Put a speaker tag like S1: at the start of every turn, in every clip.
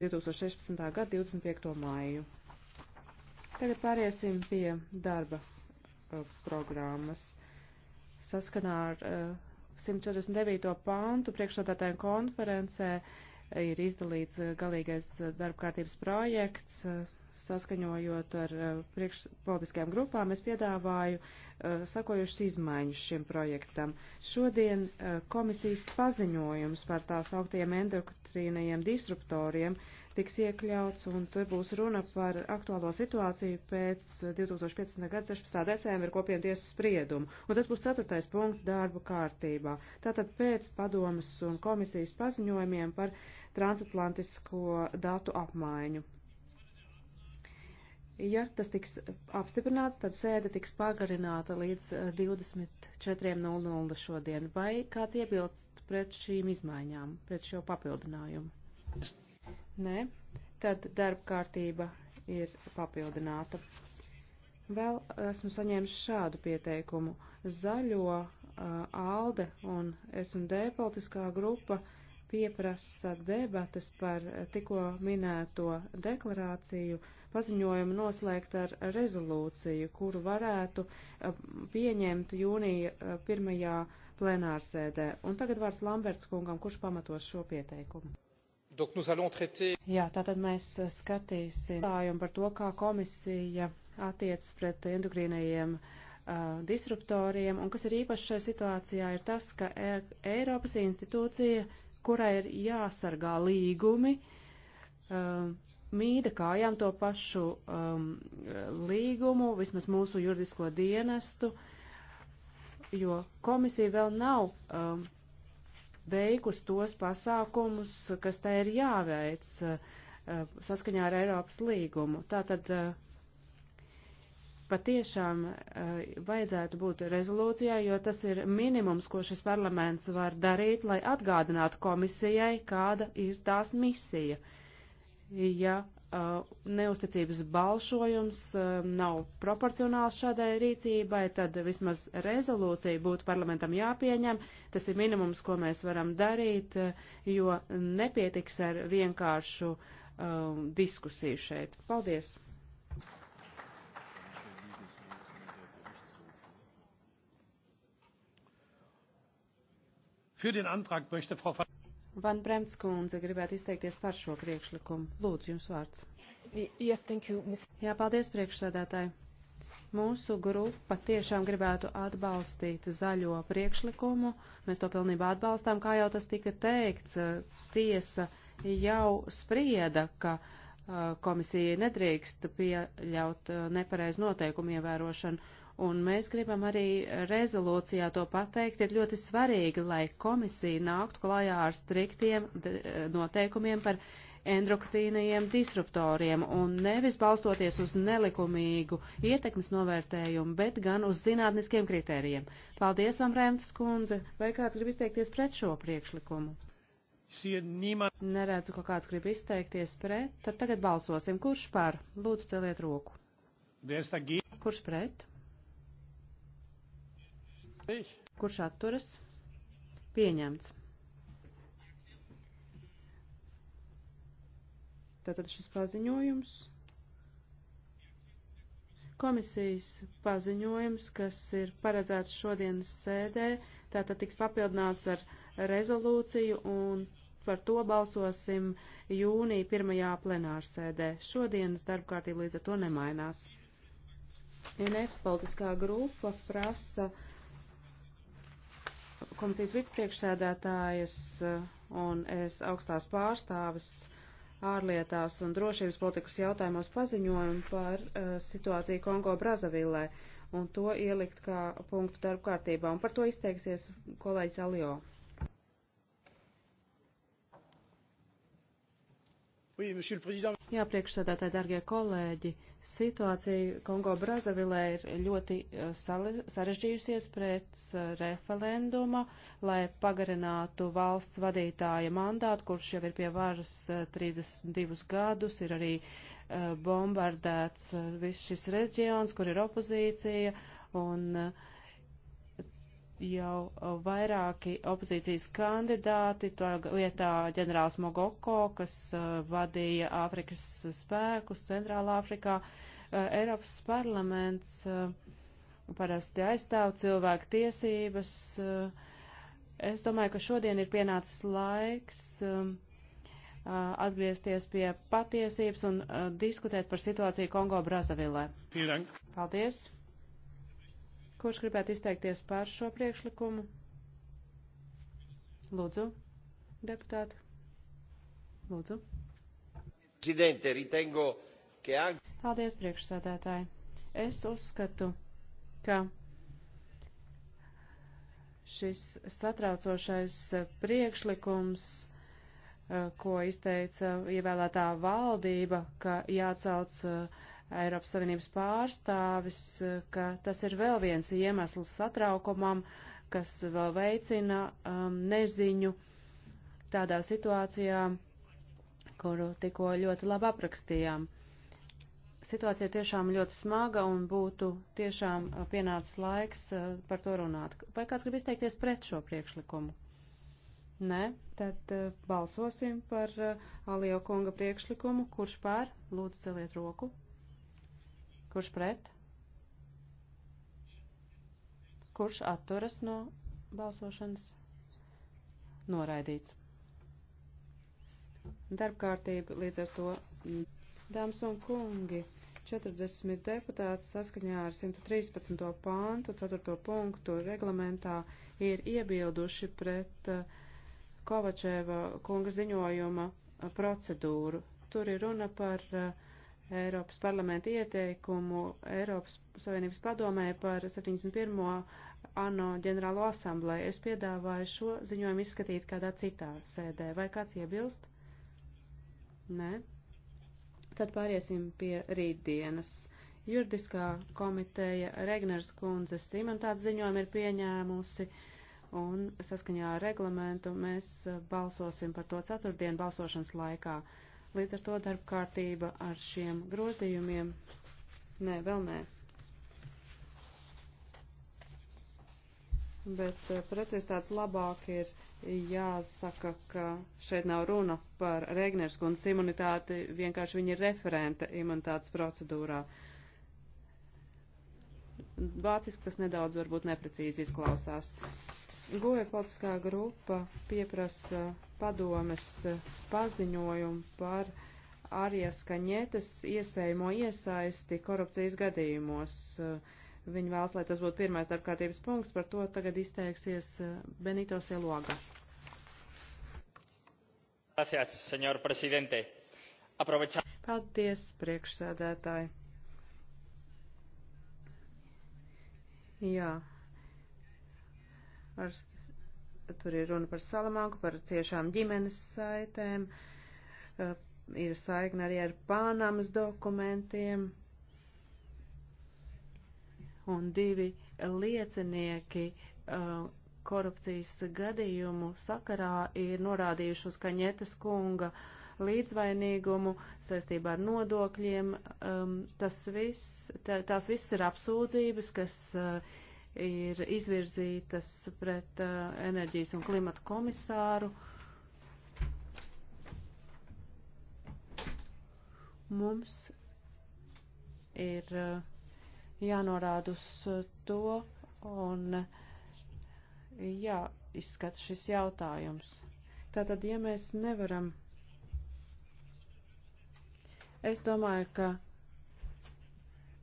S1: 2016. gada 25. māju. Tagad pāriesim pie darba uh, programmas. Saskanā ar uh, 149. pāntu priekšsādātājiem konferencē ir izdalīts uh, galīgais uh, darba kārtības projekts. Uh, saskaņojot ar eh, priekšpolitiskajām grupām, es piedāvāju eh, sakojušas izmaiņas šim projektam. Šodien eh, komisijas paziņojums par tās augtiem endokrīnajiem disruptoriem tiks iekļauts, un tur būs runa par aktuālo situāciju pēc 2015. gada 16. decembra kopienu tiesas spriedumu, un tas būs ceturtais punkts darba kārtībā. Tātad pēc padomas un komisijas paziņojumiem par transatlantisko datu apmaiņu. Ja tas tiks apstiprināts, tad sēde tiks pagarināta līdz 24.00 eh, šodien. Vai kāds iebilst pret šīm izmaiņām, pret šo papildinājumu? Nē, tad darba kārtība ir papildināta. Vēl esmu saņēmis šādu pieteikumu. Zaļo, uh, ALDE un S&D politiskā grupa uh, pieprasa debatas par tikko minēto deklarāciju paziņojumu noslēgt ar rezolūciju, kuru varētu eh, pieņemt jūnija eh, pirmajā plenārsēdē. Un tagad vārds Lamberts kungam, kurš pamatos šo pieteikumu. Jā, tātad mēs eh, skatīsim jautājumu par to, kā komisija attiecas pret endokrīnajiem disruptoriem, un kas ir īpaši šajā situācijā, ir tas, ka e- Eiropas institūcija kurai ir jāsargā līgumi, um, mīda kājām to pašu um, līgumu, vismaz mūsu juridisko dienestu, jo komisija vēl nav um, veikus tos pasākumus, kas tai ir jāveic uh, saskaņā ar Eiropas līgumu. Tātad uh, patiešām eh, vajadzētu būt rezolūcijai, jo tas ir minimums, ko šis parlaments var darīt, lai atgādinātu komisijai, kāda ir tās misija. Ja eh, neusticības balšojums eh, nav proporcionāls šādai rīcībai, tad vismaz rezolūcija būtu parlamentam jāpieņem. Tas ir minimums, ko mēs varam darīt, jo nepietiks ar vienkāršu um, diskusiju šeit. Paldies! Für den Antrag möchte Frau Van Bremts kundze gribētu izteikties par šo priekšlikumu. Lūdzu, jums vārds. Yes, thank you, miss. Jā, paldies, priekšsēdētāji. Mūsu grupa tiešām gribētu atbalstīt zaļo priekšlikumu. Mēs to pilnībā atbalstām, kā jau tas tika teikts. Tiesa jau sprieda, ka eh, komisija nedrīkst pieļaut eh, nepareizu noteikumu ievērošanu Un mēs gribam arī rezolūcijā to pateikt, ir ļoti svarīgi, lai komisija nāktu klajā ar striktiem noteikumiem par endoktīnajiem disruptoriem un nevis balstoties uz nelikumīgu ietekmes novērtējumu, bet gan uz zinātniskiem kritērijiem. Paldies vam, Rēmtas kundze, vai kāds grib izteikties pret šo priekšlikumu? Neredzu, ka kāds grib izteikties pret, tad tagad balsosim. Kurš par? Lūdzu, celiet roku. Kurš pret? Kurš atturas? Pieņemts. Tātad šis paziņojums. Komisijas paziņojums, kas ir paredzēts šodienas sēdē, tātad tiks papildināts ar rezolūciju un par to balsosim jūnija pirmajā plenārsēdē. Šodienas darba kārtība līdz ar to nemainās. NF politiskā grupa prasa komisijas vicepriekšsēdētājas eh, un es augstās pārstāvis ārlietās un drošības politikas jautājumos paziņojumu par uh, situāciju Kongo Brazavilē un to ielikt kā punktu darba kārtībā. Un par to izteiksies kolēģis Alio. Jā, priekšsēdētāji, dargie kolēģi, situācija Kongo Brazavilē ir ļoti eh, sarežģījusies pēc eh, referenduma, lai pagarinātu valsts vadītāja mandātu, kurš jau ir pie varas 32 eh, gadus, ir arī bombardēts viss šis reģions, kur ir opozīcija, un uh, jau uh, vairāki opozīcijas kandidāti, tā vietā ģenerāls Mogoko, kas uh, vadīja Āfrikas spēkus Centrālā Āfrikā. Uh, Eiropas parlaments parasti aizstāv cilvēku tiesības. Es domāju, ka šodien ir pienācis laiks um, atgriezties pie patiesības un diskutēt par situāciju Kongo Brazavilē. Paldies! Kurš gribētu izteikties par šo priekšlikumu? Lūdzu, deputāti. Lūdzu. Paldies, priekšsādātāji. Es uzskatu, ka šis satraucošais priekšlikums, eh, ko izteica ievēlētā valdība, ka jācauc uh, eh, Eiropas Savienības pārstāvis, eh, ka tas ir vēl viens iemesls satraukumam, kas vēl veicina um, neziņu tādā situācijā, kuru tikko ļoti labi aprakstījām. Situācija tiešām ļoti smaga un būtu tiešām uh, pienācis laiks uh, par to runāt. Vai kāds grib izteikties pret šo priekšlikumu? Nē, tad uh, balsosim par uh, Alio kunga priekšlikumu. Kurš pār? Lūdzu, celiet roku. Kurš pret? Kurš atturas no balsošanas? Noraidīts. Darbkārtība līdz ar to. Dāmas un kungi, 40 deputāti saskaņā ar 113. pāntu 4. punktu reglamentā ir iebilduši pret uh, Kovačeva kunga ziņojuma uh, procedūru. Tur ir runa par uh, Eiropas parlamenta ieteikumu Eiropas Savienības padomē par 71. ANO ģenerālo asamblēju. Es piedāvāju šo ziņojumu izskatīt kādā citā sēdē. Vai kāds iebilst? Nē. Tad pāriesim pie rītdienas. Juridiskā komiteja Regners kundzes imantāts ziņojumu ir pieņēmusi, un saskaņā ar reglamentu mēs balsosim par to ceturtdienu balsošanas laikā. Līdz ar to darba kārtība ar šiem grozījumiem. Nē, vēl nē. Bet eh, precīzi tāds labāk ir jāsaka, ka šeit nav runa par Regneras kundas imunitāti, vienkārši viņa ir referenta imunitātes procedūrā. Vāciski tas nedaudz varbūt neprecīzi izklausās. Goja politiskā grupa pieprasa padomes paziņojumu par Arijas Kaņetes iespējamo iesaisti korupcijas gadījumos. Viņa vēlas, lai tas būtu pirmais darbkārtības punkts, par to tagad izteiksies Benito Seloga. Gracias, senor presidente. Aprovechar. Paldies, priekšsēdētāji. Jā. Yeah Ar, tur ir runa par salamāku, par ciešām ģimenes saitēm, eh, ir saikne arī ar Pānamas dokumentiem. Un divi liecinieki eh, korupcijas gadījumu sakarā ir norādījuši uz Kaņetes kunga līdzvainīgumu saistībā ar nodokļiem. Um, tas viss, tā, tās viss ir apsūdzības, kas uh, ir izvirzītas pret uh, enerģijas un klimata komisāru. Mums ir uh, jānorāda uz uh, to un uh, jāizskata šis jautājums. Tātad, ja mēs nevaram, es domāju, ka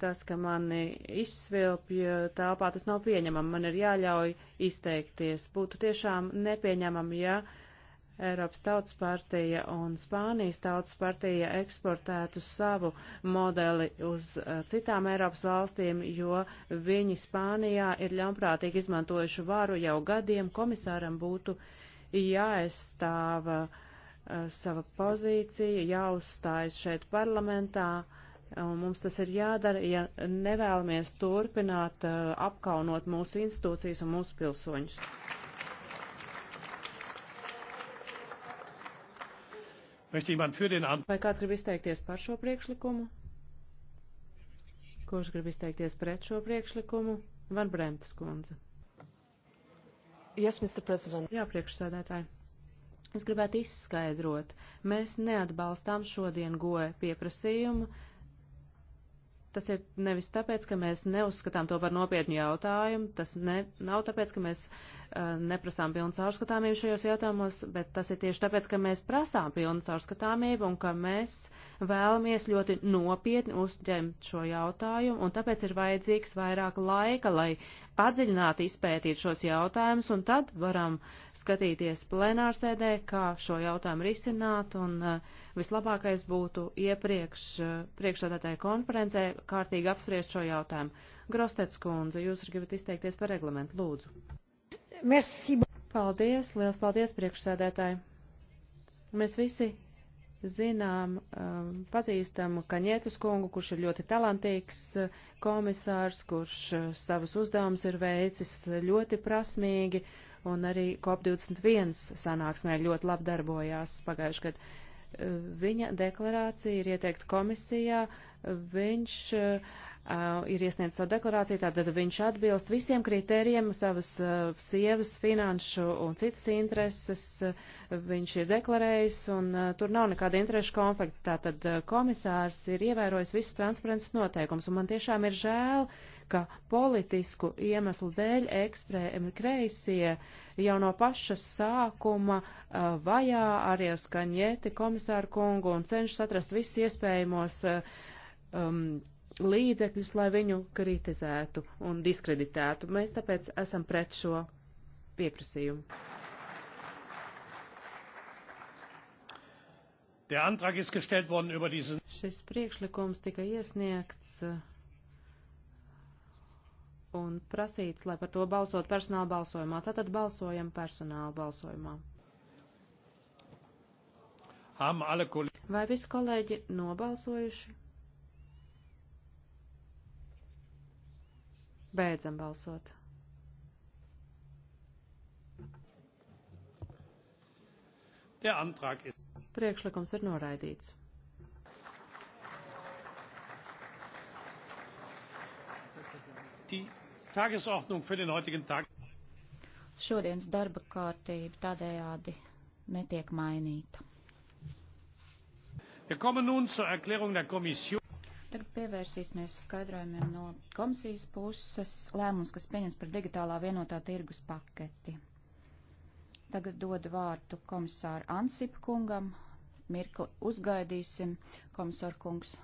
S1: tas, ka mani izsvilpja telpā, tas nav pieņemami. Man ir jāļauj izteikties. Būtu tiešām nepieņemami, ja Eiropas Tautas partija un Spānijas Tautas partija eksportētu savu modeli uz uh, citām Eiropas valstīm, jo viņi Spānijā ir ļaunprātīgi izmantojuši varu jau gadiem. Komisāram būtu jāaizstāva uh, sava pozīcija, jāuzstājas šeit parlamentā. Uh, Un mums tas ir jādara, ja nevēlamies turpināt uh, apkaunot mūsu institūcijas un mūsu pilsoņus. Vai kāds grib izteikties par šo priekšlikumu? Kurš grib izteikties pret šo priekšlikumu? Van Bremtas kundze. Yes, Jā, priekšsēdētāji. Es gribētu izskaidrot. Mēs neatbalstām šodien goja pieprasījumu Tas ir nevis tāpēc, ka mēs neuzskatām to par nopietnu jautājumu, tas ne, nav tāpēc, ka mēs uh, neprasām pilnu caurskatāmību šajos jautājumos, bet tas ir tieši tāpēc, ka mēs prasām pilnu caurskatāmību un ka mēs vēlamies ļoti nopietni uzņemt šo jautājumu, un tāpēc ir vajadzīgs vairāk laika, lai padziļināt izpētīt šos jautājumus, un tad varam skatīties plenārsēdē, kā šo jautājumu risināt, un eh, vislabākais būtu iepriekš eh, priekšsādātāja konferencē kārtīgi apspriest šo jautājumu. Grostets kundze, jūs gribat izteikties par reglamentu, lūdzu. Merci. Paldies, liels paldies priekšsēdētāji. Mēs visi zinām, um, pazīstam Kaņietus kungu, kurš ir ļoti talantīgs uh, komisārs, kurš uh, savus uzdevumus ir veicis uh, ļoti prasmīgi, un arī COP21 sanāksmē ļoti labi darbojās pagājuši gadu. Viņa deklarācija ir ieteikta komisijā, viņš uh, uh, ir iesniedzis savu deklarāciju, tātad viņš atbilst visiem kritērijiem savas uh, sievas, finanšu un citas intereses, uh, viņš ir deklarējis un uh, tur nav nekāda interešu konflikta, tātad uh, komisārs ir ievērojis visus transparences noteikums un man tiešām ir žēl, ka politisku iemeslu dēļ ekstrēmi kreisie jau no paša sākuma uh, vajā arī skaņieti komisāru kungu un cenšas atrast visus iespējamos uh, um, līdzekļus, lai viņu kritizētu un diskreditētu. Mēs tāpēc esam pret šo pieprasījumu. Diesen... Šis priekšlikums tika iesniegts uh, un prasīts, lai par to balsot personāla balsojumā. Tātad balsojam personāla balsojumā. Vai visi kolēģi nobalsojuši? Beidzam balsot. Priekšlikums ir noraidīts. Šodienas darba kārtība tādējādi netiek mainīta. Wir kommen nun zur Erklärung der Kommission. Tagad pievērsīsimies skaidrojumiem no komisijas puses lēmums, kas pieņems par digitālā vienotā tirgus paketi. Tagad dodu vārdu komisāru Ansip kungam. Mirkli uzgaidīsim, komisāru kungs.